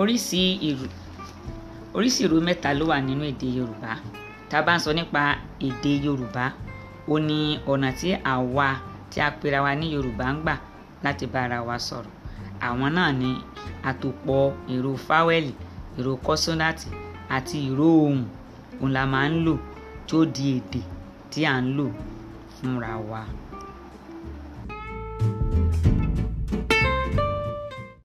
oríṣi ìrù oríṣi ìrù mẹ́ta ló wà nínú èdè yorùbá tá a bá ń sọ nípa èdè yorùbá ó ní ọ̀nà tí àwa tí a pera wa ní yorùbá ń gbà láti bá wa sọ̀rọ̀ àwọn náà ni àtòpọ̀ ìró fáwẹ́lì ìró kọ́sónáàtì àti ìró ohùn òun la máa ń lò tó di èdè tí à ń lò fúnra wa